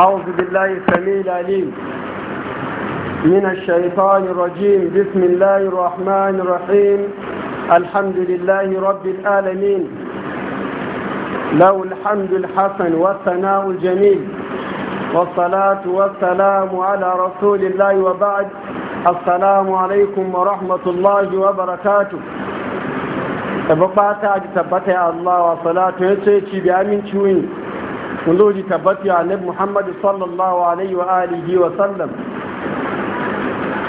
أعوذ بالله السميع العليم من الشيطان الرجيم بسم الله الرحمن الرحيم الحمد لله رب العالمين له الحمد الحسن والثناء الجميل والصلاة والسلام على رسول الله وبعد السلام عليكم ورحمة الله وبركاته أبقى تعجب تبتع الله وصلاة يتشي بأمين شوين ولوجي تبتي على محمد صلى الله عليه وآله وسلم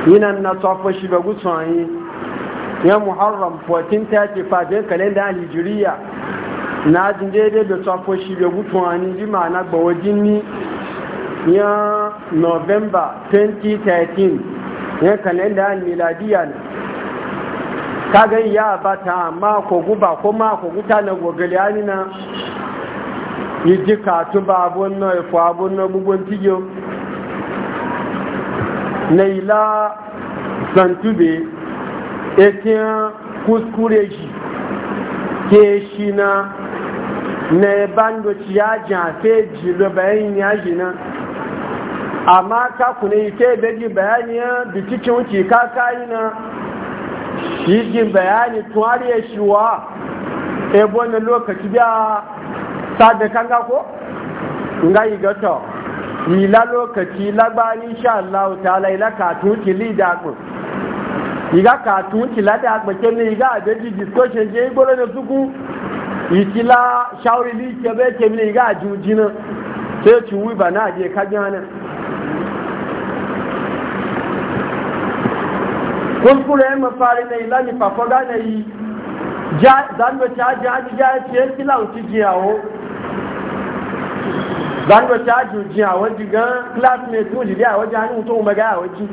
ينا نصف شبه ya muharram 1435 jin kalenda hijiriya na jin daidai da tsafo shi da gutuwani jima na gbawa jini ya Novemba 2013 ya kalenda miladiya ne kagan ya bata mako guba ko mako guta na gogali na yìí kàtún bá abun na ẹ̀fọ́ abun na gbogbo tí yóò na ìlà santube etin kuskure shi ke shi na na ban ẹ̀bándu tí yá jẹ́ àfẹ́jì lọ bẹ̀yìn yá jì náà amma kakunan ike beji bayaniya da cikin wuce kakayi na shi bayani tuwariya shi wa ebo na lokaci biya sadda kanga ko nga yi gato yi la lokaci lagbari insha Allah ta'ala ila ka tuki li da ku iga ka tuki la da ku ke ni iga ji discussion je gboro ne suku itila shawri li ke be ke ni iga jujina sai ci wi bana je ka jana kuskure mafari na ilani fafoga na yi zanwe ta jaji jaji ya ce kila zango ta jin awon waje gan classmate mu jide a waje hannun mutum maga a waje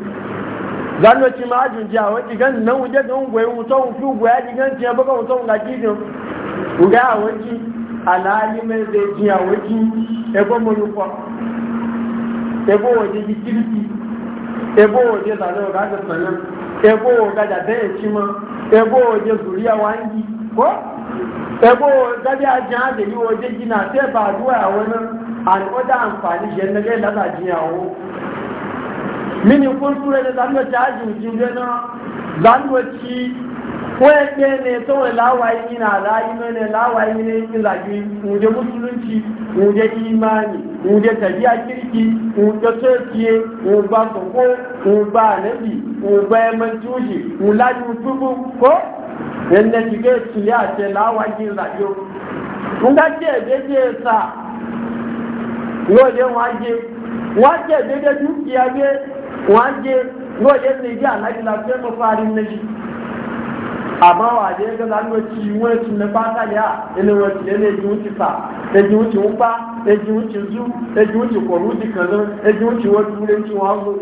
zango ci ma jin awon waje gan nan wuje gan gwaye mutum fi gwaya ji gan ciye baka mutum ga gidan uga a waje alali mai zai jin a waje ebo manufa ebo waje ji kirki ebo waje zanen ga da sanan ebo waje da daya ci ma ebo waje zuriya wangi ko ebo zabi a jiya da yi waje gina sai ba zuwa a wani al'ada amfani shi yadda zai lasa jiya wo mini kun tura da zanuwa ci ajin jinde na zanuwa ci kawai ke ne saboda lawayi ina rayu ne ne lawayi ne yin zagi wuje musulunci wuje imani wuje tafiya kirki wuje sofiye wuba soko wuba nabi wuba yaman tushe wula tubu ko yadda shiga tuli a ce lawakin zaɓe in ka ce daidai sa lode waje wace daidai dukiya ne waje lode ne ji a nagi lafiyar mafarin na shi amma waje ga zanuwa ciwon su na fata ya ina e e e wasu ne ji wuce sa da ji wuce wuba da ji wuce zu da ji wuce kwaruti kazo da ji wuce wasu turanci wazo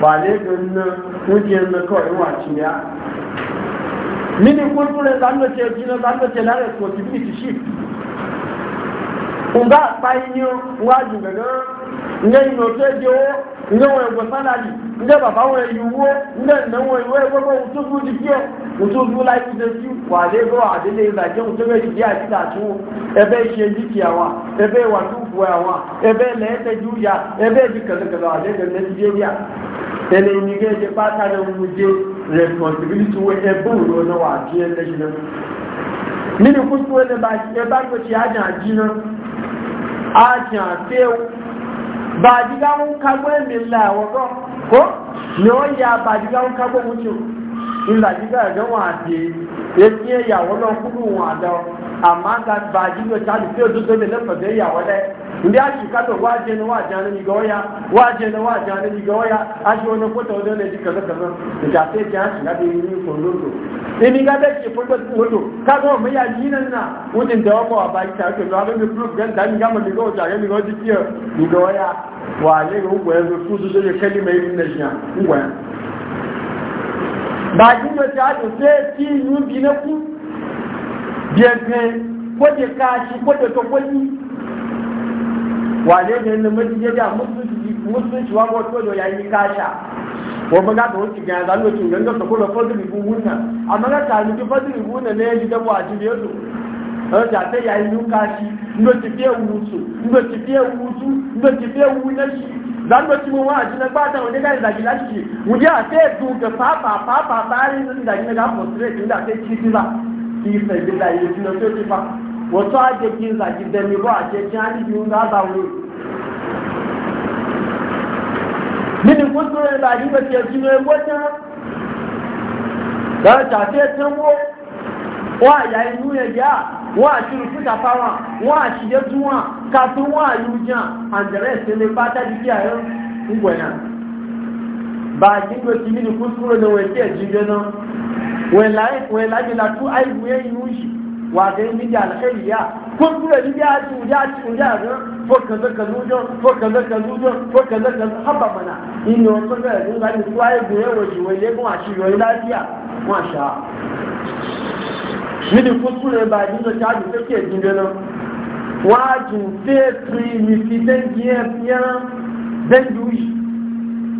ba ne ganin wuce na kawai wace ya mini kulkule zanno ce jino zanno ce lare responsibility shi nga payinyo nga jugaga nga inote jo nga we go salary nga baba we yuwo nga na we we go go utubu dikio utubu la ku de ti wa de go ade le la je utubu ti ya ti ta tu ebe se di ti awa ebe wa tu bu awa ebe le te ju ya ebe di kan kan ade de ne ti je ya ele ni ge je pa ta de mu responsibility wey ẹgbẹ́ òun lọ wà kí ẹ lẹ́yìn náà nínú kúkú ẹlẹ́ bá ti ẹbá tó ti ájàn àjíná ájàn àfẹ́wò bàjíká ń kagbọ́ ẹ̀mí ńlá àwọ̀gọ́ kó ni ó ya bàjíká ń kagbọ́ mú tí ó ńlá jíká ẹ̀gẹ́ wọn àti etí ẹ̀yàwó náà kúrò wọn àdáwọ̀ amma ka ba jiyo ta da fiye dutse da lafa da ya wada inda ya shi kato waje na waje na ni goya waje na wa na ni goya a shi wani kota wani ne jika zaka zan da ta shi na da yi ko lodo in ni ga da ke ka ga mu ya yi nan na wudin da wako a baki ta ke zuwa ga mi proof gan da ni ga mu ni goya ga mi goya ki ni goya wa ne ga ku yanzu su su da kalima yin nan shi ba jiyo ta da sai ti nu bi na ku gefe ko da kashi ko da tokwani wane ne na majiyar da musulunci wa ko tojo ya yi kasha ko ba ga da wuce ga zan wuce ga ga ko da fadli bunna amma ga ta ni fadli bunna ne ji da waji ne to eh da ta ya yi kashi ndo ti fiye wusu, ndo ti fiye wusu, ndo ti fiye wunashi zan wuce mu wa ji na bata wani ga da gilashi mu ji a sai du ga papa papa tare da ga frustrate da sai ci ba fi sabila yi suna so ti fa wasu ake kin zaki da mi ba a ce cin hali biyun ga za wuri mini kusa ne da ni ba ke su ne wata da ta ce tango wa yayi nuna e ya wa shiru suka fara wa shige zuwa kafin wa yujan an jare sai ne ba ta jiki a yau ngwaya ba ki to ki mini kuskure ke jibe nan wai lai wai lai la tu ai mu yayi nushi wa ga ni da alkhairi ya kuskure ni ya tu ya tu ya ga ko kaza ka nujo ko kaza ka nujo ko kaza ka haba mana in yo ko ga ni ga ni tu ai mu yayi wai wai le ba ni to ta ji ke jibe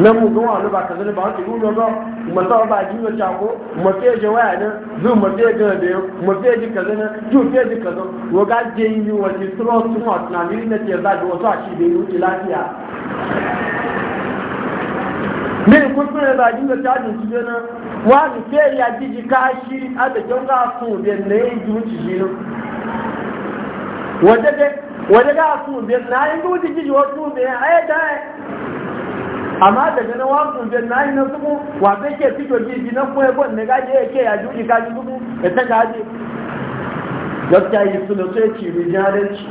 na mu zuwa wani ba ka zane ba wata yi wuno ba masu ba ji wa cako masu yaji waya ne zuwa masu yaji da masu yaji ka zane ju fiye ji ka zane wa ga je yi yi wa ji suna suna na ce za wasu a shi da yi wuce lafiya ne kuskure ne ba ji cajin su zane wa ni fiye ya ji ji a da kyan ga su da na yi ji wuce shi ne wadda ga su da na yi wuce ji wasu da ya amma daga na wakun da na yi na suku wa zai ke fito jiji na kuma yabon na gaji ya ke ya juji kaji suku ya ta gaji gaskiya yi suna so ya ci mai jaranci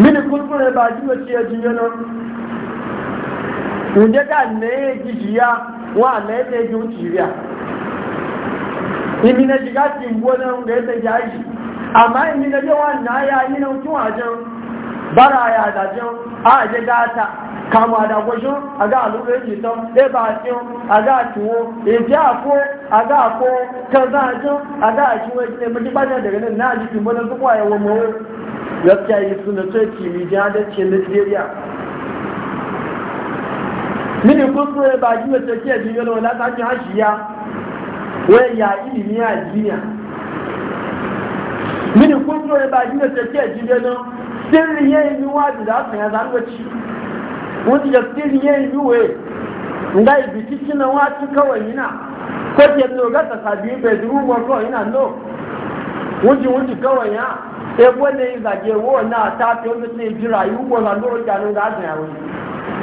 mini kurkure ba ji wa ciye jiye nan inda ka ne ya ji ya wa na ya ji wuci ya imi na shiga cimbo nan ga ya ta jaji amma imi na yawa na ya yi na wucin wajen bara ya dajin a je gata kama da gwajin a ga alurai jitan ɗaya e ba ciwo a ga ciwo e in a ko a ga ko kan za a a ga a e ne mutu bane daga nan na jikin wani zuwa ya wa mawo yi suna sai kimi jihadacin nigeria mini kuskure ba ji mace ke jiyo na wala ta ji hashiya wai ya ilimi a duniya mini kuskure ba ji mace na sirri ya yi waji da su ya zanuwa ci wani ya sirri ya yi we nga yi biki cinan waci kawai yana ko ke no ga ta sabi bai duru ko yana no wuji wuji kawai ya e na ta fi omi sai jira yi wo na no ja no ga zan yawo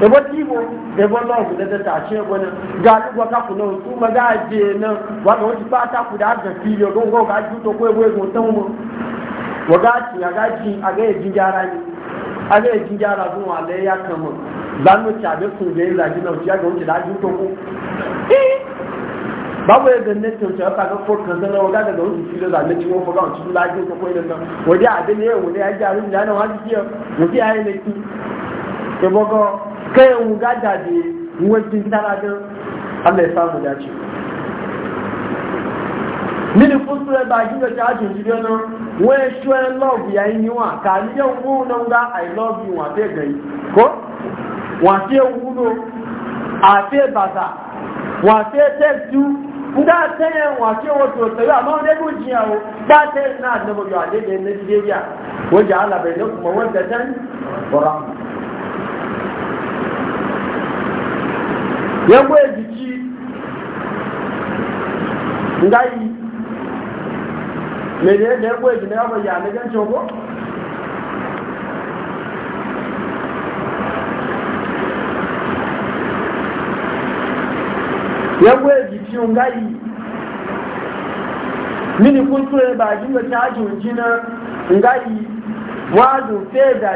e bo ti bo e bo lo ku da ta ce bone ga lu ka ku no ma ga na wa ta ku da ga fi yo go go ga ju to wagaci a gaci a ga yaji gyara ne a ga yaji gyara wale ya kama za mu ci abin sun da ya zagi na wuciya ga wuce da ajin toko eh! babu ya ganne tunce ya kaga ko kan zan waga daga wuce shi da zagi ko ga wuce da ajin toko idan nan waje abin ne wani ya gyaru da nan wani kiyo wuce ya yi na ki ya bago kai wuga da bi tara don Allah ya samu dace mini fusu ya e baki da shashin shi gano wai shwen love ya yi yiwa ka ni yau mu nan ga i love you wa fe gai ko wa fe wuno a fe bata wa fe text you nga teye wa fe wato tsayo amma wani ko jiya o ba teye na da ba ya dai ne e ji ya wajen Allah bai ne kuma wanda tan qur'an yabo jiki ngai me ne ne da ya goya gina ya bayyana gan cogo ya goya jikin gayi mini kuskure ba jinga cajin jina ngayi wazo fe da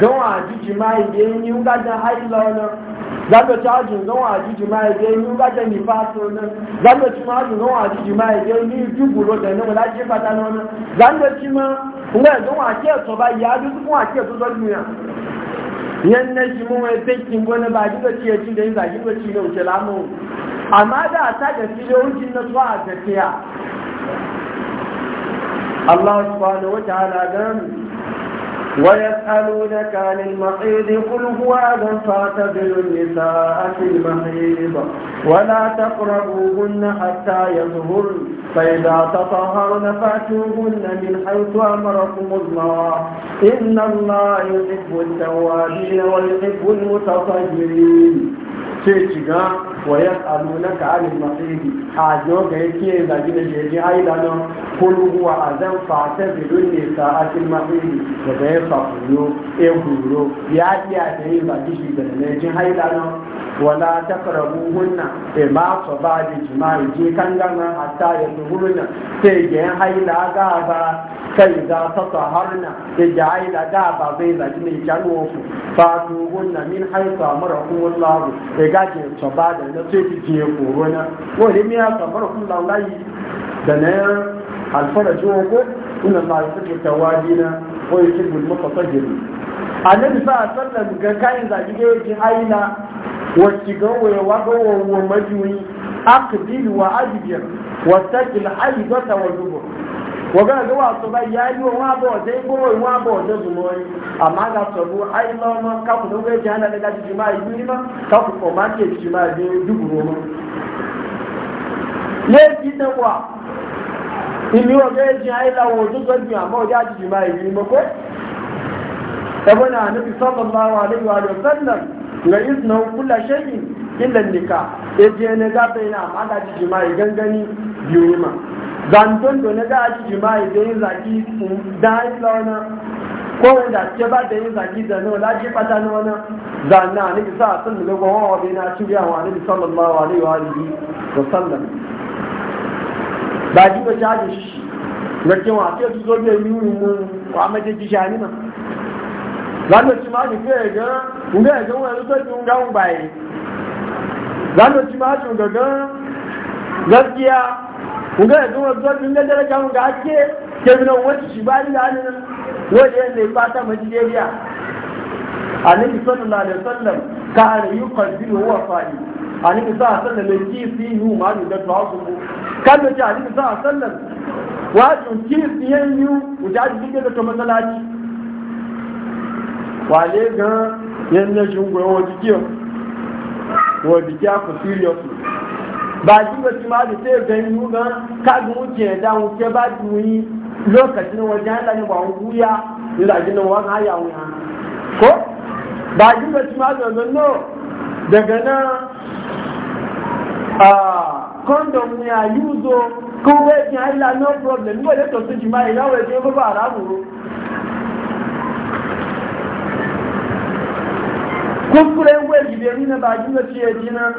gawa jiji mai da yi ngajen haila wani zaka ci ajin gan wa ajiji ma ya je ni ga ni fato nan zaka ci ma ajin wa ma ya je ni dubu lo da nan la je fata nan zaka ci ma nga gan wa ke to ba ya du ko wa ke to zo ya yan na shi mu wai tekin gona ba ji ga ci ci da yin zaki ga ci da wuce lamu amma da ta da filojin na zuwa ga tiya Allah subhanahu wa ta'ala gan ويسألونك عن المحيض قل هو أذى فاعتزلوا النساء في المحيض ولا تقربوهن حتى يظهرن فإذا تطهرن فأتوهن من حيث أمركم الله إن الله يحب التوابين ويحب المتطهرين sai ci ga waya tsalo na ka'alin masiri hajjo ga yake zagi da jeji haila don a zan fata bidon ne sa'atin masiri da ga ya fafuyo ya guro ya iya ta yi zagi shi da na jin haila don wala ta farabu hunna e ma so ba da jima'i je kan gana hatta ya zuhurna sai ga haila ga ba kai za ta tsaharna da ga haila ga ba zai zagi mai kyanwo su fa tuhunna min haifa mara kuma e lagu gajin tsoba da na sai ki ke koro na wani miya kamar kun laulayi da na yan alfara jiwo ko ina ma yi suke na ko yi cikin mafa tsagiri a nan sa a sallan ga kayan zaki ga yake aina wacce ga wayewa ga wawo majiyoyi akbil wa ajibiyar wata kilhaibata wa dubur wọ́n gbé wà sọ bá yá ẹni wọn abọ̀ ọ̀dẹ́ gbówó ìwọ̀n abọ̀ ọ̀dẹ́ dùn mọ́ ẹni àmọ́ àga sọ̀rọ̀ bó ayé káfùn tó gbé jẹ́ ẹ̀dá ma. jìjì máa yí mímọ́ káfùn pọ̀ máa kí èjì máa yí dùgbò mọ́. léèjì náà wà ìlú ọ̀gá ẹ̀jì ayé làwọn òjòjò gbìn àmọ́ ọ̀dẹ́ àjìjì máa yí mímọ́ pé zanton to na za a ci jima'i da yin zaki da yi launa ko wani da ce ba da yin zaki da nawa laji fata na wani zanna na nufi sa a sun nuna gwamma wa bai na ci biya wa nufi sallallahu alaihi wa alihi wa sallam ba ji ba caji shi na kewa ke su zo da yi mun wa mace ji shani na zanna ci ma ni fiye ga nga ya ga wani zoji nga wani baye zanna ci ma ci ga gaskiya kuga yanzu wasu wasu ne daraja mu ga ake kemina wacce shi ba da hannun wajen da ya fata majidariya annabi sallallahu alaihi wasallam ka yi fa'i sallallahu alaihi hu ma kan da sallallahu alaihi ji da ga shi ku baki ba shi ma da sai ga yi ga kagin wuce da wuce ba su yi lokacin wajen hada ne ba wuya. guya ila gina wani haya wuya. ko baki ba shi ma da zanno daga na a ah, kondom ne a yuzo ko wai ki hada no problem ko da to su jima'i na wai ke ba haramu kuskure wai gibe ni na baki ba shi ya jina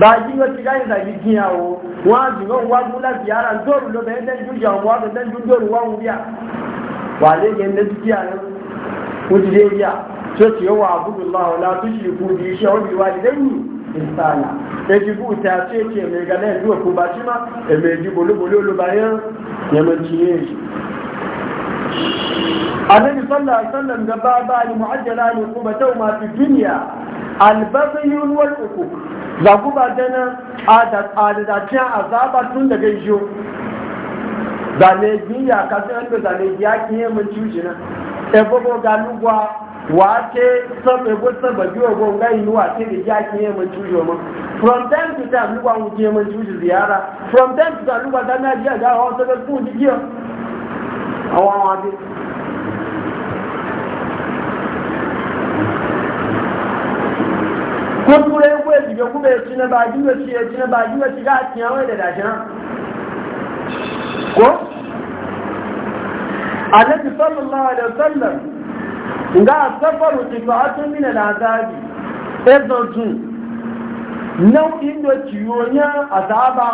báyìí ló ti láyé ìdàgbé kí ya o wọn á dùn wọn wá dùn láti ara dóòrù ló bẹ̀rẹ̀ tẹ́jú ìjà wọn wá bẹ̀rẹ̀ tẹ́jú dóòrù wọn wúyà wà léyìn ẹni lẹ́tí kí ya ló ó ti dé yà tó ti ó wà àbúrò máa ọ̀la tó sì kú di iṣẹ́ ó di wá lẹ́yìn ìsàlà èjì fún ìta tí èkì ẹ̀mí ẹ̀gá náà ìlú òkú bàtímà ẹ̀mí ẹ̀jú bolóbolí olóbayé yẹmọ ti yé èyí. Adébí sọ́lá sọ́lá ń gaba báyìí mọ́ àjẹ́lá ni kúbẹ̀tẹ́ òun àti dúnìyà albẹ́fẹ́ yìí wọ́n za ba dana adadacin azaba tun daga isho zane kasu yan da zane mun cuci na ebogo ganugwa wake sab ebo sab bi ogo ngai nuwa ke da ya ki mun cuci ma from time to time lugwa mu ki yi mun cuci ziyara from time to time lugwa dana biya ga ho sab ku ji ki awan wa bi kó èsì yòókù bẹ̀rẹ̀ sí náà bá júwèé sí èsì náà bá júwèé sí láti àwọn ìdẹ̀dà jẹ́ ko annabi sallallahu alaihi wasallam nga safaru tifaatun min al'azabi ezotun nau'in da ciyonya azaba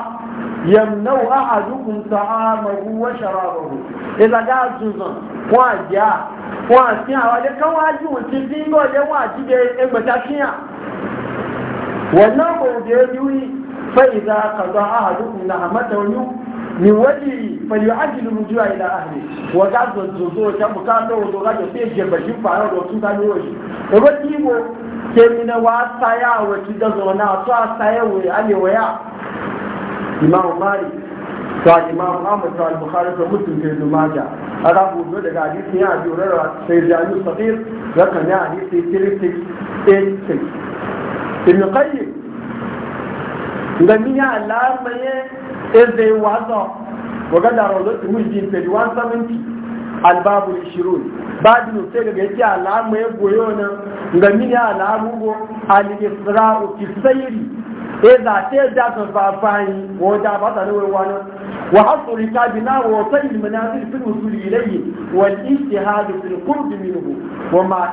yamnau ahadukum ta'amahu wa sharabahu idan ga zuzan wa ja wa tin awale kan wa ji wuti bi ngo le wa ji de egbata kiyan wannan a gobe yuyi fa idza qada wani nahmatahu min wali falyu'ajjilu a ila ahli wa za gazo zozo ta bukata wa zoga da sai jeba fara da wasu zane wasu Da e ba ke mina wa saya wa ci da zona su a saya wa ne wa ya imam mari to imam ahmad to al bukhari to muslim ke da maja aka budo daga hadisi ya bi urara sai jami'u sahih rakan ya hadisi ibn qayyim nga mi ya alarma ye eze wazo waga da rawdatu mujdi page 170 albabu 20 babu no sai ga yace alarma ye goyo na nga mi ya alarmu go al-isra'u fi sayri إذا تيجات الفافاين وجابت الوان وحصل كابنا وصل المنازل في الوصول إليه والاجتهاد في القرب منه وما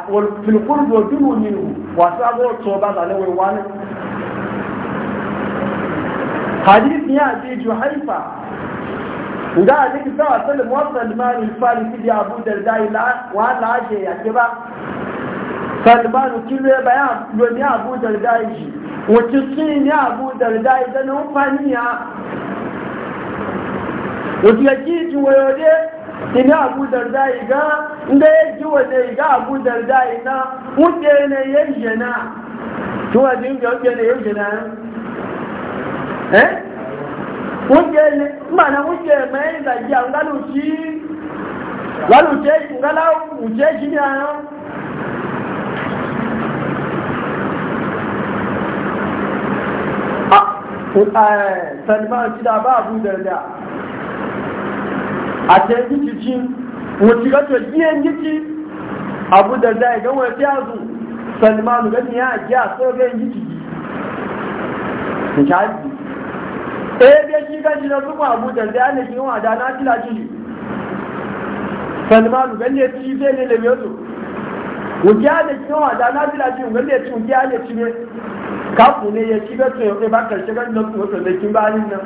في القرب والدنو منه وصابوا الصوبة الوان حديث يأتي جحيفة da a cikin sawa salim wasu salmanu farisi da abu da zai wahala ake yake ba salmanu kilo ya wacce sun yi abu darda idan na faniya wacce ya ki ji wayode ina abu darda iga inda ya ji wane iga abu darda ina wuce ne ya yi yana tuwa jin ga wuce ne ya yi yana eh wuce ne mana wuce mai zaji an galu shi galu ce shi ne a yau salman shi da ba abu da da a ta yi cici wuce ga to giyan gici abu da da ga wani fiya zu salman gani ya giya so ga yin gici ta ji eh da shi ga na zuwa abu da da ne shi wa da na tila shi salman gani ya ci zai ne da miyo wuce ya da shi wa da na tila shi gani ya ci wuce ya da shi ne kafu ne ya ci gato ya ba karshe gani na wato da kin bayan nan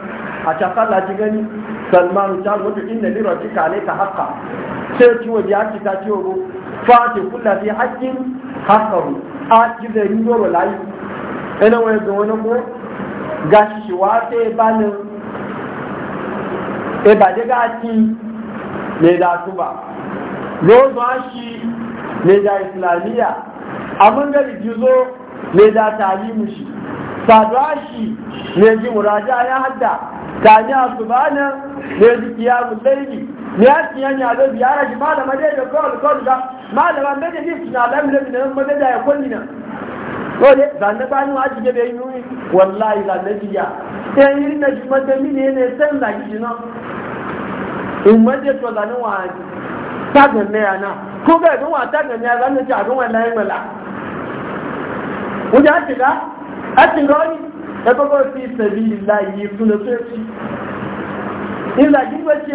a takalla ji gani salman ta mutu inda ni ci kale ta haka sai ci waje ya ci ta ci wago fati kula fi hakkin hakaru a ci da yi zoro layi ina wani ga wani ko gashi shi wata ya banin e ba da ci ne da su ba zo zuwa shi ne da islamiyya abin da zo ne za ta yi mushi saduwa shi ne ji muraja ya hadda ta ni a subanin ne ji kiyamun laili ne ya ci yanya zai biyara shi ma da madai da kawai kawai da ma da ba mai da ji suna lamin da nan madai da ya kulli nan dole zanne ba ni wa ji gebe yi nuni wallahi zanne eh, ji ya ɗan yi na shi madami ne ne san zaki shi nan in madai to zanne wa ta ganne ya na ko ga ga wa ta ganne ya zanne ji a ga wannan yi mala wọ́n yá ti dá ẹ̀tì rọ́rí ẹgbọ́gbọ́ sí ìtẹ̀lì ìlà yìí fún ti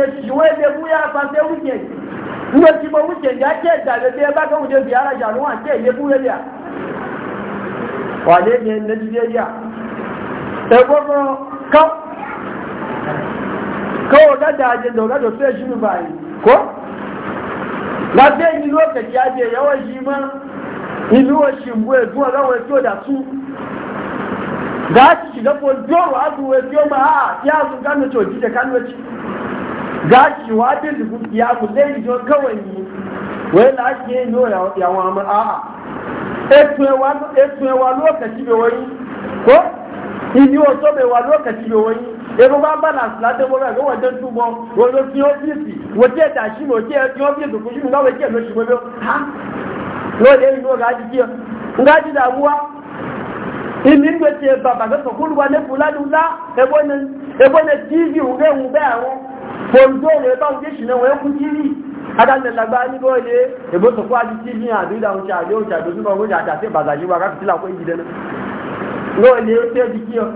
ẹ̀ṣì wọ́n ẹgbẹ́ fún yá pàṣẹ wíjẹ̀ níwọ̀n tí mo wíjẹ̀ yá yìí máa níbi wọ́n ṣì ń bú ẹ̀dùn ọ̀láwọ̀ ẹ̀dùn ọ̀dà tún gáàsì ṣìgbọ́pọ̀ ojú ọ̀rọ̀ àdùn ẹ̀dùn ọmọ àá tí a zùn kánú tó jíjẹ kánú ẹ̀tì gáàsì wà á dé ìdìbò kí a mú lẹ́yìn jọ kẹwẹ̀ yìí wẹ́n láti ẹ̀yìn àwọn ọmọ àá ètò ẹ̀wà lókàtí bẹ̀ wọ́nyí kó ìdí ọ̀tọ́ bẹ̀ wà lókàtí bẹ̀ wọ́nyí èrò bá balance láti ẹ̀wọ̀n rẹ̀ wọ́n jẹ́ túbọ̀ wọ́n lọ sí ọ́fíìsì wọ́n jẹ́ ìdásí wọ́n jẹ́ ọ́fíìsì kò sí nígbà wọ́n jẹ́ lóṣù gbogbo lọ́dẹ̀ yìí ló gáàjì kí ọ gáàjì dàmúwá ìmí ń gbèsè ga gbèsè kúrú wa ní fúlàní ńlá ebo ne tv òun ẹ̀hún bẹ́ẹ̀ àwọn fòǹdó rẹ̀ bá òun jẹ́sì náà wọ́n kú tv adánilagba nígbà ilé ìgbésò fún àti tv àti ìdáhùn ṣe àdéhùn ṣe àdéhùn ṣe àdéhùn àti yi. wa káfíńtì làkó ìjì dẹ́nu lọ́ọ̀lẹ́ tẹ́ẹ̀dì kí ọ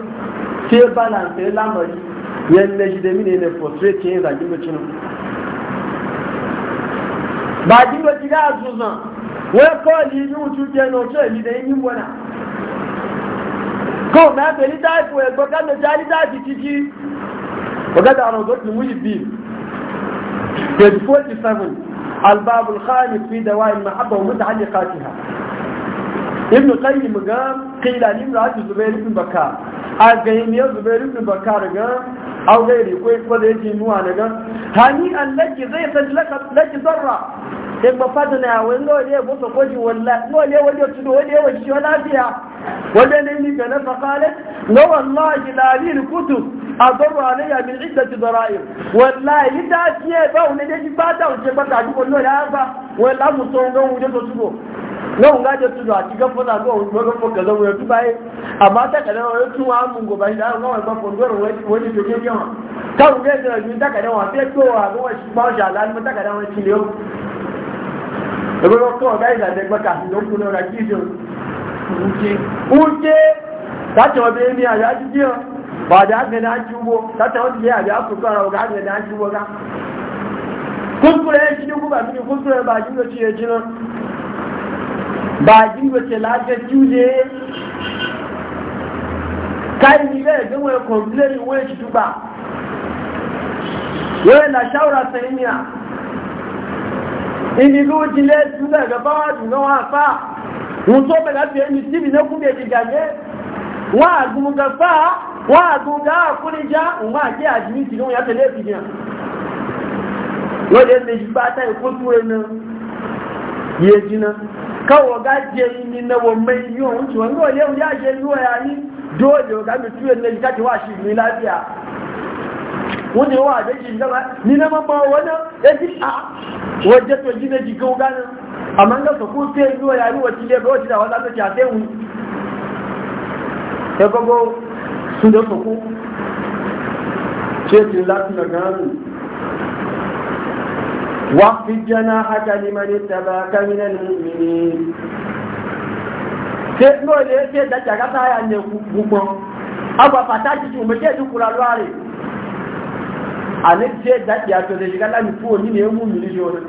ṣe balance lámọ̀rí yẹn ne ne ilẹ̀ frustrate yẹn ìdàgbé lọ́tí náà bàjí lọ́tí gáà zùzàn wọ́n kọ́ ní ibi ojú jẹ́ ní ọjọ́ ìlú ní wọ́nà kọ́ mẹ́fẹ́ ní táìpù ẹ̀gbọ́n kámẹ́já ní táìpù títí ọgọ́dà àwọn ọgọ́ mú ìbí 47 albabul khani fi dawa in mahabba wa ha. hajji katiha ibn qayyim ga qila lim ra'at zubair ibn bakar agayin ya zubair ibn bakar ga au gairi ko ko da yake nuwa daga hani allaki zai sallaka laki zarra ẹgbẹ́ fádùnà àwọn ilé-ọ̀lẹ́ ba wọ̀lá àgbọ́rò àníyà ní ìdẹ̀tì zọra ìm wọ̀lá èyí dájí ẹ̀bá òní déjì bá dáhùn ṣe pátá àdúgbò náà yáábá wọ̀lá mùsọ̀ ohun jẹ́ tó túbọ̀ lóhun gájẹ́ túbọ̀ àti gẹ́fọ́nà lóhun gbọ́gbọ́ kẹlẹ́ wọn tún báyé àmá tẹ́kẹ̀lẹ́ wọn tún wá mú gọ̀bá ìdáhùn náà ẹgbẹ́ fọ́ndọ́rùn wọn ní jòkè bí wọn káwọn gẹ́gẹ́ ìrìn tẹ́kẹ̀lẹ́ wọn fẹ́ tó àwọn ìṣùgbọ́n ṣàlá ta tẹ́kẹ̀lẹ́ wọn ti lé ẹgbẹ́ ọkọ̀ ọ̀gá ìdàdẹ́gbẹ́ka ló kún lọ́ra kí oúnjẹ láti ọdún ní àyà jíjí ọ bàdá gbẹ̀dẹ̀ ajúwó ní àyà ìnílú ìjìnlẹ̀ ìjìnlẹ̀ ìjọba jùlọ àfá ohun tó bẹ̀rẹ̀ bí ẹni tíbi lẹ́kún èdè gàgé wọ́n àgùnmùgà fà wọ́n àgùnmùgà àkúnijá wọ́n ní òye ní ọ̀yà ní dóòlì wani yawa da shi gaba ni na mamma wani ya ji a wajen to gina jikin gani amma ga su kusa yi zuwa yari wacce ne ga wacce da wanda ta shafe wu ya gogo su da su ku ce ce za su da gano wafi jana haka liman ta ba ka minan mu'mini sai ɗole sai da jagata ya ne gugun agwa fata jiki umarce duk kura lware annabi ce daɗi a to da shiga lami ko ni ne mu mini jona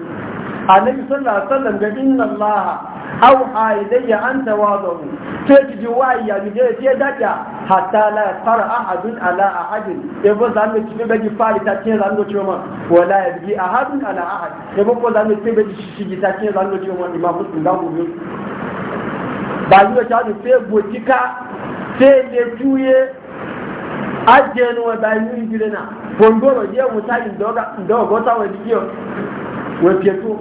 annabi sallallahu alaihi wasallam ga inna allaha aw haidayya an tawadahu sai ki ji wai ya ji ce da ya hatta la fara ahadun ala ahadin e ba za mu ci ga fari ta ce zan doce ma wala ya ji ahadun ala ahad e ba ko zan mu ci ji shi ta ce zan doce ma imam muslim da ba yi ta ji fe botika fe le tuye ajenu wa ba fondoro je mutaji ndoga ndogo tawe dio wepye tu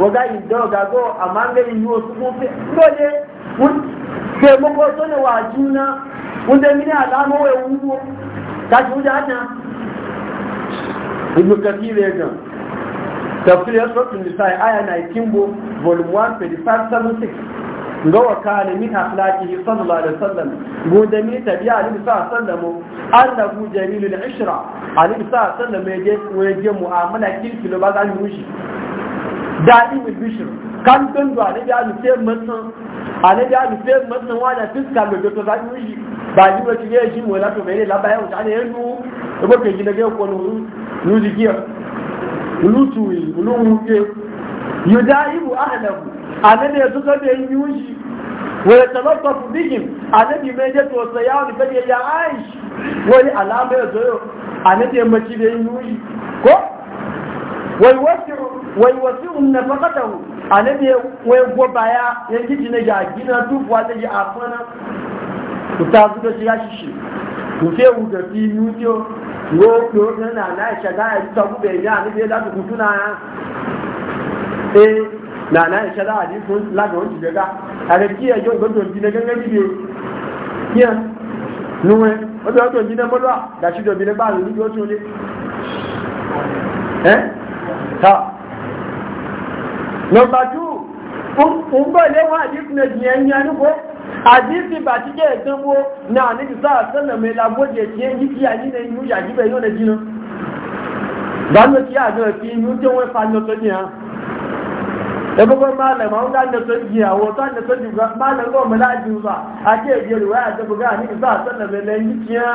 waga ndoga go amange nyuo sukupe ngoje un ke moko tone wa juna unde mine alamo we uwo kaji uja hata ibn kathir ega tafsir ya sura nisai aya 19 volume 1 page 576 ga wa kana min akhlaqihi sallallahu alaihi wasallam goda mi tabi'a ali sa sallamu annahu jamilul ishra ali sa sallam yaje yaje mu'amala kin kilo ba za mu shi dadi bil bishr kan don do ali da mu sai mutun ali da mu sai mutun wala fiska ga to za mu shi ba ji ba kige shi mu la to bai la ba yau ta ne yanzu ba ke gida ga ko nuru nuru jiya nuru tuwi nuru ke yudaibu ahlahu annabi ya suka da yi yushi wa ya talaffa bihim annabi mai je to sai ya ya aish wani alama ya zo annabi ya maci da yi yushi ko wai wasiru wai wasiru nafaqatahu annabi wai goba ya yanki ne ga gina tufuwa ta ya afana ta zuba shiga shi kuke wuga fi yuto yo yo na na shaga ya ta be ya ni be da ku tuna ya eh na na ìṣẹ́ láàdí fún lágbọ̀n jù gẹ́gá ààrẹ kí ẹjọ́ ìgbọ́dọ̀ ìbí gẹ́gẹ́ níbi kí ẹ núwẹ́ ó tẹ́ ọjọ́ ìbí mọ́lúwà dàṣídọ̀ ìbí bá rí níbi ó tún lé ẹ́ ta nọmba tú ń bọ̀ ilé wọn àdí fún ẹ̀jìn ẹ̀yìn anúgbó àdí fi bàtí jẹ́ ìdánwò náà níbi sáà kí ayé ní inú yóò lè bá ti inú tí fa ní ní hàn ẹgbẹ́gbẹ́ mọ́lẹ̀mọ́ ó dájọ tó ake biyar àjọ tó buga mọ́lẹ̀gbọ́ mọ́ láàájú wà àti èdè olùwà àjọgbogbo àní ìgbà àtọ́lẹ̀lẹ̀ ba tí ó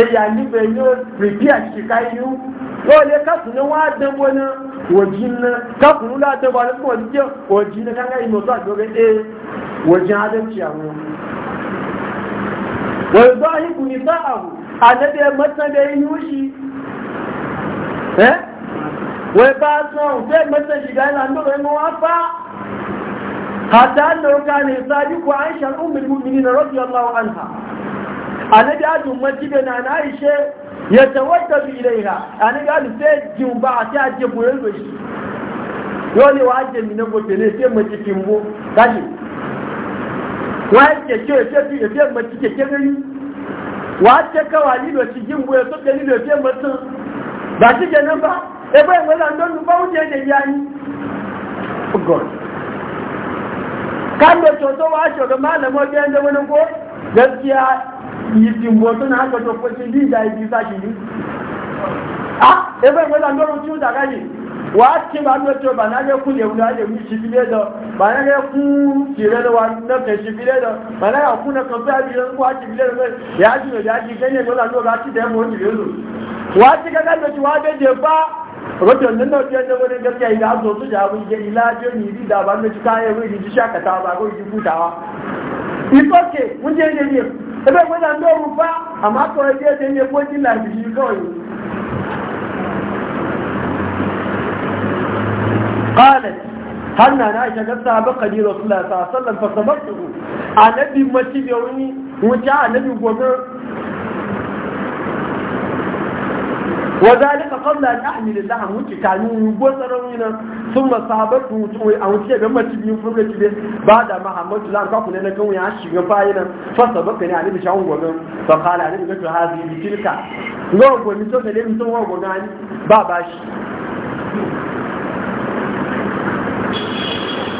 èyà níbẹ̀ yóò rìpí àṣìká inú ó lè kásùn ní wọ́n á dẹ́gbọ́ ní òjì ní kákùnú ládẹ́gbọ́ ní pọ̀ níjẹ́ òjì ní káńgá ìmọ̀ tó àjọgbẹ́ é òjì adẹ́kì àwọn wọ́n gbọ́ ayíkùn ní sáà àwò àdẹ́gbẹ́ mọ́tẹ́lẹ̀ inú sí wai ba son sai mata shiga ina nuna yin wafa hatta da ne ko kana sadiku aisha ummul mu'minin radiyallahu anha annabi ajin masjida na na aisha ya tawaddabi ilaiha annabi ajin sai jin ba ta je boye do shi dole wa ajin min go tele sai mace kimbo kashi wa ke ce ce fi sai mace ke ke gari wa ce kawali da shi jin boye to da do sai mace ba shi nan ba ebe enwere ndonu ba wuce da e yayi oh god kan da to wa shi da malamo da yanda wani ko gaskiya yi timbo tun haka to ko shi da yi sa shi ah ebe enwere ndonu tu da gani wa ti ba ndo to ba na ge ku le wuna de mi sibile do ba na ge ku sire do wa na ke sibile do ba na ku na ko ba bi ko wa sibile do ya ji ya ji ke ne do la do ba ti de mo ni le lo wa ti ka ga do ti wa de de ba wajen nan da wajen wani gaskiya idan zo su da abin gani lajin bi da ban da cika ya wuri ji shakata ba ko ji hutawa it's okay mun je je ne ebe mun da ndo rufa amma ko je ne ko ji lafi shi kawai qalat hanna na aisha ga sahaba kadi rasulullahi sallallahu alaihi wasallam fa sabaqtu annabi mace da wani wuce annabi gobe وذلك قبل أن أحمل اللحم وانت كانوا يبوزرون ثم صابته وانت لما تبين فرق به بعد ما حملت اللحم كاكو لنا كون يعشي غفاينا فسبقني عليه بشعون وغم فقال عليه بكر هذه بتلك لا أقول نوغو نسوك ليه نسوك وغاني يعني باباش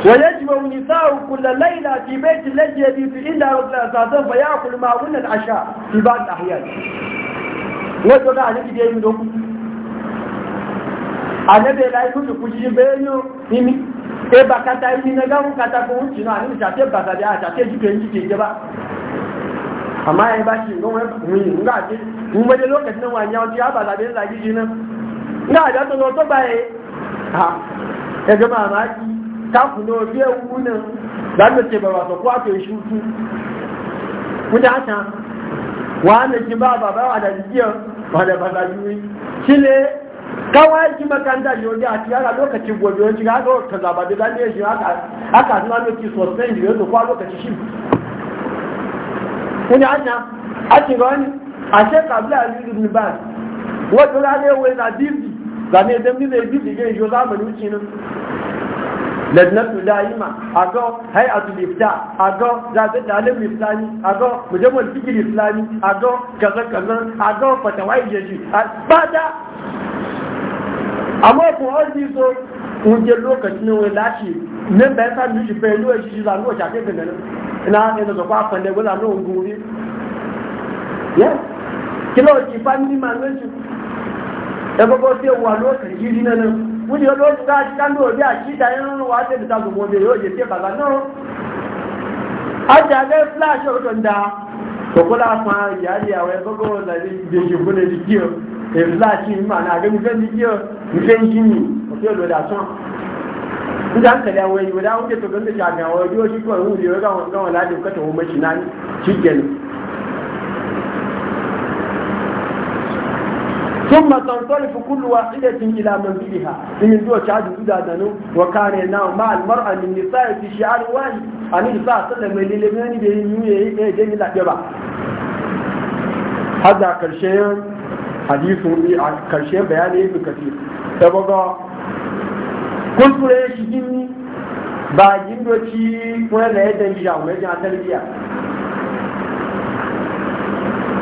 ويجمع النساء كل ليلة في بيت الذي يبيت إلا رجل أساسا فيأكل ما معهن العشاء في بعض الأحيان wọ́n tó náà ní ìdí ẹni lókù àdẹ́bẹ̀ láì kúrò kú jíjí bẹ́ẹ̀ ní ìmí ẹbà kata ìní nẹgáwó kata kó ń tìnà àní ìṣàtẹ́ bàtàdé àṣàtẹ́ jùkẹ́ ní ìṣẹ́ ìjẹba àmá ẹ bá ṣe ìgbọ́n wọn nígbà tí mo mẹ́lẹ́ lókẹ̀tí náà wà ní ọtí àbàtàdé ńlá jíjí náà nígbà àjọ tó lọ tó bá ẹ ẹgbẹ́ máa máa wanda ki ba baba wa da jiya ba da bada yuyi shine kawai ki makanta yogi a cikin a lokacin gobe wani ga ga ka zaba da dane shi haka haka suna lokaci sosai da yanzu kwa lokaci shi kun anya a ci wani a ce kabila yuyi ibn baz wato la wai na bibi zane da mi bibi ga yo zamani wuce nan lannatu la'ima ago hay'atu lifta ago zabe dalim islami ago mujammal fikir islami ago kaza kaza ago fatawai a bada amma ko an so kuje lokacin wai lashi ne bai sa miji bai yi shi za ruwa shafe ga nan ina ne da kwa fande gola no nguri ya kilo ki fanni mangaji da ko sai wa lokacin nan wọ́n yóò lọ́wọ́ títà ṣíkáńdò òbí àṣíta irun wà tẹ́ ìta gbogbo òbí yóò jẹ́ bàbá náà ajàgẹ́ flash ọ̀tọ̀ ń e da òkúlá fún ìyáàlì àwọn ẹgbẹ́gbẹ́ ọ̀làdé ìdèjì òkúlẹ̀ ní kí ọ èyí flash yìí mà náà ọ nífẹ̀ẹ́ ń yí ni tán ثم تنطلق كل واحدة إلى منزلها من دون شعاد ودادنا وكان ينام مع المرأة من نساء في شعار واحد أن نساء صلى الله عليه وسلم بين يدين الله جبا هذا كرشين حديث آه، كرشين بيان ابن إيه كثير تبقى قلت كل فريش جني باجين دوشي ولا يدن جاو عن تلبيه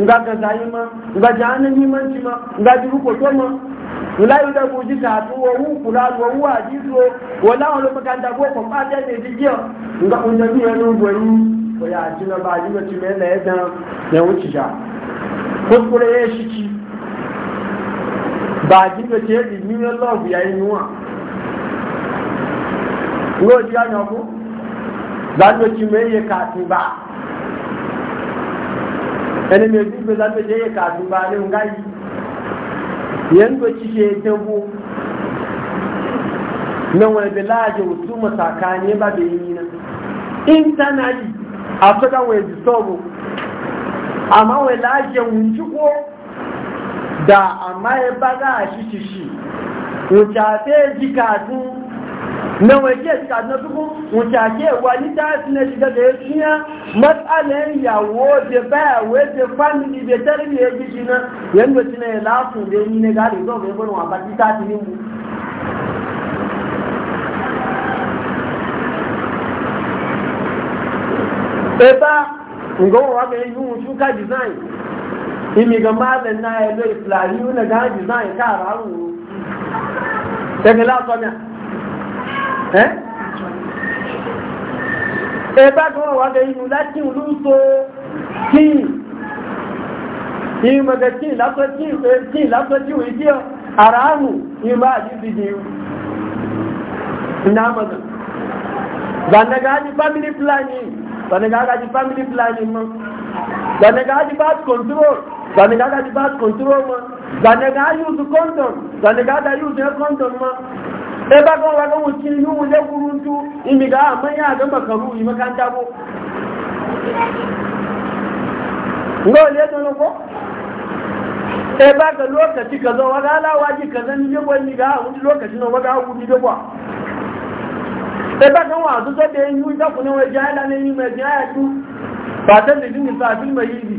nga gazayi ma nga jana nimanci ma nga jirukoto ma la yi da buji ta tu wa wu kula wa wu aji so wa la wa makanta ko ko ba da ne jiya nga kunna ni yano goyi ko ya ji na ba ji na ci me na yadda e ne wuci ja kuskure ya shi ci ba ji da ce di ni na love ya yi nuwa ngo ji ya nyako da ci me ye ka ti ba ẹni mi bí gbèsè àti kasu ba ni nga yìí yẹn ń gbèsè ṣe dẹ́gbó na wani bi laje wasu matakani ba da yi na in tana yi a suka wani distobo amma wani laje wunci ko da amma ya baga a shi shi shi wuce a sai jikatun na waje ta na dubu wutake wani ta na shiga da ya suna matsalar yawo da baya waje family da tarbiyyar gishi na yadda suna ya lasu da yi na gari zuwa bai bani wa baki ta tuni mu eba ngowo wa ga yi mu shuka design imi ga malan na ya lo iflari na ga design ka rawu daga e lasona ẹgbẹ́ tó wọ́n wọ́n inú láti ìlú tó kí ìmọ̀gẹ̀ kí látọ́jú ìdí ara ahù ìmọ̀ àjíjìdì ìnámọ̀gẹ̀ zanagaji family planning zanagaji family planning mọ́ zanagaji birth control zanagaji birth control mọ́ zanagaji use condom zanagaji use condom mọ́ sai ba kan wa kan yi mu je in bi ga amman ya ga makaru yi makanta ko ngo le to ko sai ba ka lokaci ka zo wani alawa ji ka zan yi gwani ga wani lokaci na wani hagu ji dabwa sai ba ka wasu sabbin yi ta kunan wajen ala ne yi mai jaya tu ba ta da jini sa yi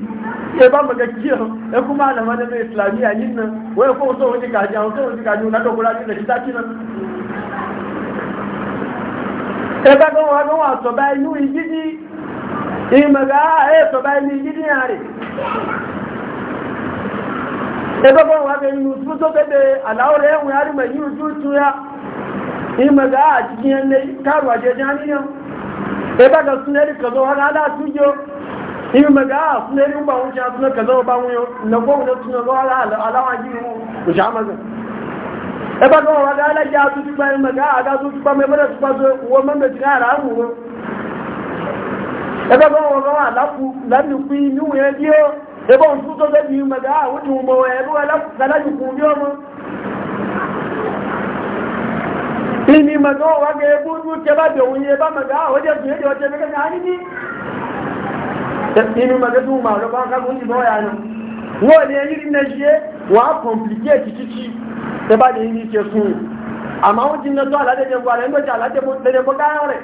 ke ba maga kiyo e kuma da mana mai islamiya yin nan wai ko so wani kaji an so wani na dokura da shi ta e ba wa ga wa so ba yi gidi e maga e eh, so ba ni gidi yare e ba ga wa ga su so ke de alawre mai yi ya a cikin ne ibi maga a suna yi ba wuce suna ka zama ba wuyo na ko da suna zuwa alawa ji mu ku sha maza e ba ko ga ala ja su ti ba maga a ga su ti ba me ba su ba so wo man da tira ra ala ku la ni ku ni wo ye dio e ba ala ka la ku dio mu ini maga wa ga e bu du ke ba de wo ni inú mẹ́tẹ́tù màálù bá kágun ti bọ́ ya nù wọ́n ni ẹni rí náà ṣe wọ́n á kọ̀m̀pìlìkẹ́ẹ̀tì títí de bá lè ní ṣe fún un àmọ́ àwọn ti ń lọ́tọ́ aládẹ́dẹ́gbọ́ rẹ̀ ń gbọ́jà aládẹ́dẹ́gbọ́ káyọ̀ rẹ̀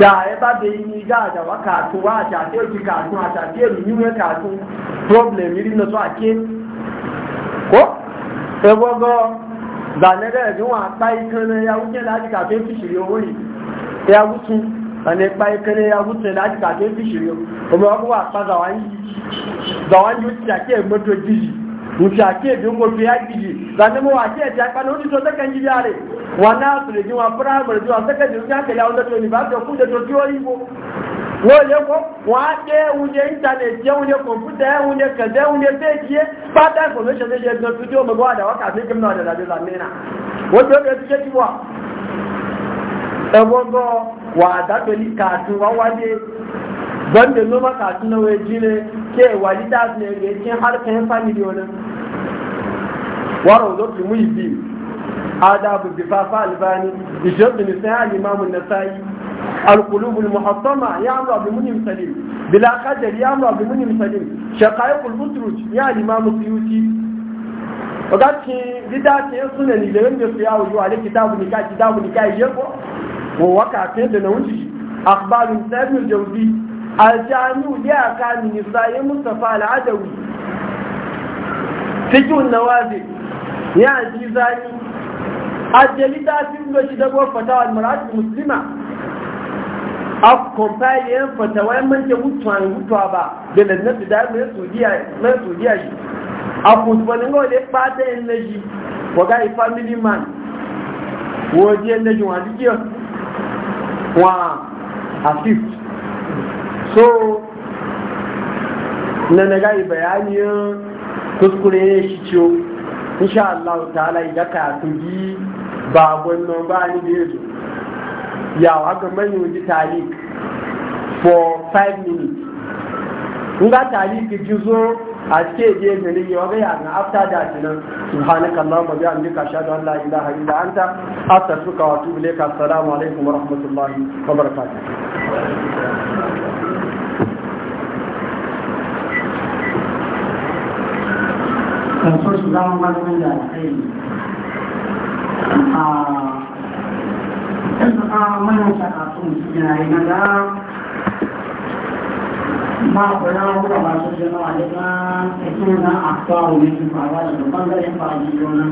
da ẹ bá bẹ yín igá àdàwà kàtún wá àṣàtì òjì kàtún àṣàtì ni k'a kàtún problem rí lọ́tọ́ àké kó ẹgbọ́gọ́ gbàlẹ́rẹ́ ẹ̀dínwó àpá ikán náà yàwó jẹ́ láti kàtún ètùsì owó yìí yàwó tún ane kpai kene ya wuce da aka ke fi shiryo kuma wa kuwa pa zawan zawan yu ti ake moto jiji wuce ake bi moto ya jiji zane mu wa ke ti aka no ti to da kan jiji are wa na su le wa primary ji wa ta ji ya ke ya wanda to ni ba ko ku da to tiyo yi ko wo le ko wa ke wuje internet je wuje computer wuje kaze wuje teje ta ko le shede je do tujo mo wa da wa ka fi kimna da da zamena wo to ti ke ti wa ebogo wa da doli wa waje banda noma katun na waje ne ke wali da ne ga cikin harkan family wannan waro lokacin mu yi adabu fa albani bishop bin sa'al imam an-nasai القلوب المحطمة يعمل بمنهم سليم بلا قدر يعمل بمنهم سليم شقائق البطرج يا الإمام السيوتي وقالت لذلك يصنع لجنب الصياء وجوه عليه كتاب نكاح كتاب نكاح يقرأ waka sai da na wuce akhbarun sayyid al-jawzi al-jami'u li akani nisa'i mustafa al-adawi fikun nawazi ya jizani ajali ta fi da shi dago fatawa al-mar'at muslima a compile yan fatawa yan manke mutuwa mutuwa ba da lannatu da mai sodiya mai sodiya shi a kusurwanin gawa da ya ɓata yin na shi wa ga family man wajen na shi wa duk wọn assist so na na kuskure ya shi ciyo insha Allah ta'ala idan ka tuji ba wannan ba ni da yazo ya haka manyan ji talik for 5 minutes ga talik ji zo a ce je gani yawa ga ya na afta da shi nan subhanaka allahumma bi amrika ashhadu an la ilaha illa anta astaghfiruka wa atubu ilayka assalamu alaikum wa rahmatullahi wa barakatuh karfar su za mu maganin da kai a ɗan a manyan shakatun su yanayi na da ma kula kuma masu jama'a da ta tuna a kawo ne su faruwa da bangaren faɗi jona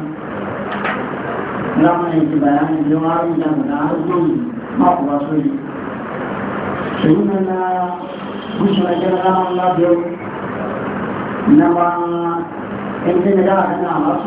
na mai ci bayanin jama'a da guda har zoyi ma kuma so yi shi ne na gushina jirgin labiyo na ba inda da dawa tana masu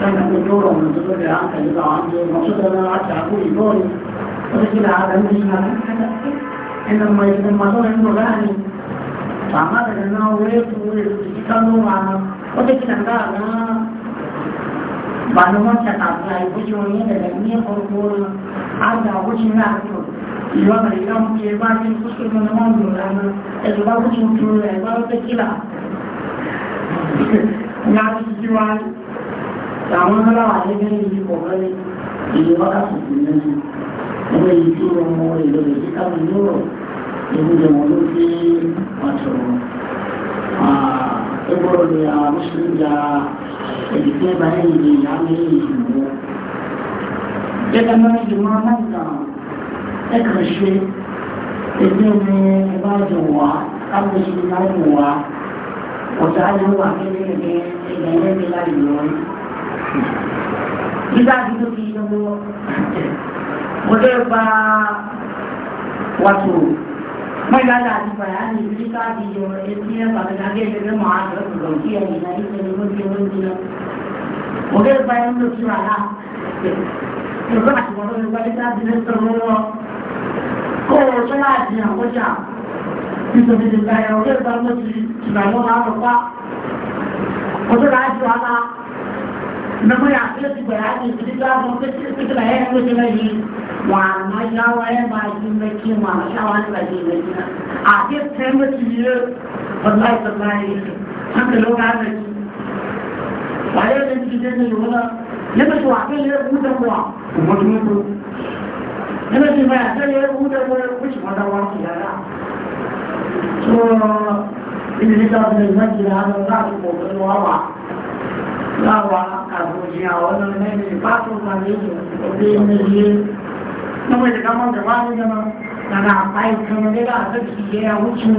sannan da dora mun zo da hankali ba an zo masu da na a ta kuri dole wata kila a ɗan ji na inda mai sun masu da yin gani ba ma da na wuri su wuri su ta noma wata kila ga na ba na wancan kafin a yi kuce wani yadda da ne farko na an da kuce na kuma ìwà ìyá mú kí bá ní kúrò ní wọ́n lò lánà ẹ̀sùn bá kúrò ní kúrò rẹ̀ bá rẹ̀ kílà láti jíwá ní àwọn aláwà gẹ́gẹ́ ní ọ̀rẹ́ ìlú wákàtí mẹ́rin ẹgbẹ́ yìí tí wọ́n mọ èlò rẹ̀ sí káàmù yóò ìgbìyàn wọn ló fi pàtó ẹgbọ́rọ̀ ni àwọn mùsùlùmí ya èdè tí ẹgbà yìí ni ìyá mi ìlú gẹ́gẹ́ náà ti máa máa gbà ẹkàn ṣe Ìgbàgbé tó fi yọ Mo lè gba wato magana da bayani shi ka ji yo ne ba da ga da ma da ko ki ya ni dai ne ko ki mun ji na ko da bayan da ki wala to ba ki wannan ba da ji ne to mo ko so na ji na ko ja ki to bi da ya ko da نمبر عقلت بيان يدرك لا ممكن تقول هي وجهي وعن ما جاء وهي باجي مكي ما شاء وان باجي مكي आगे फेम चाहिए बदलाव करना है हम लोग आ रहे पहले दिन चीजें नहीं होगा लेकिन तो आगे ये ऊँट हुआ मजबूत हो लेकिन मैं ऐसे ये ऊँट हुआ कुछ बड़ा हुआ किया तो इस हिसाब से मैं किया तो ना तो बोल रहा हूँ ना 不行啊！我那那里八处山林，我跟你讲，那不是刚放出来那个吗？刚刚还有可能那个还是皮鞋啊，我穿，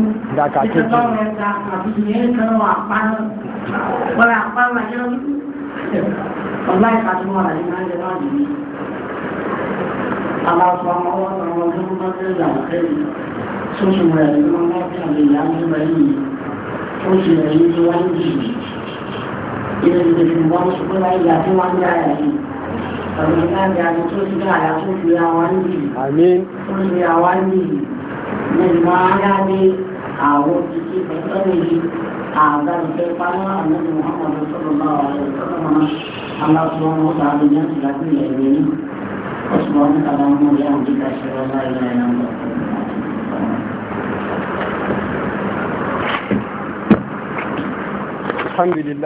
一个高跟鞋啊，皮鞋可能话翻了，我俩翻了脚，我买啥子嘛？买些大米，阿拉说嘛，我讲我听不到这个讲黑的，说起来，那么我讲你讲出来你，说起来你是外地的。ìrìn ìrìn wọn ṣe pé láyé àti wọn ń dára yìí ọ̀rọ̀ ìlànà àti tó ti dára tó fi àwọn níbi tó fi àwọn níbi níbi máa ń dáadé àwọn títí pẹ̀lú èyí àgbàlùfẹ́ pamọ́ àwọn ọmọ ọmọdé sọ̀rọ̀ bá wà lọ sọ̀rọ̀ لله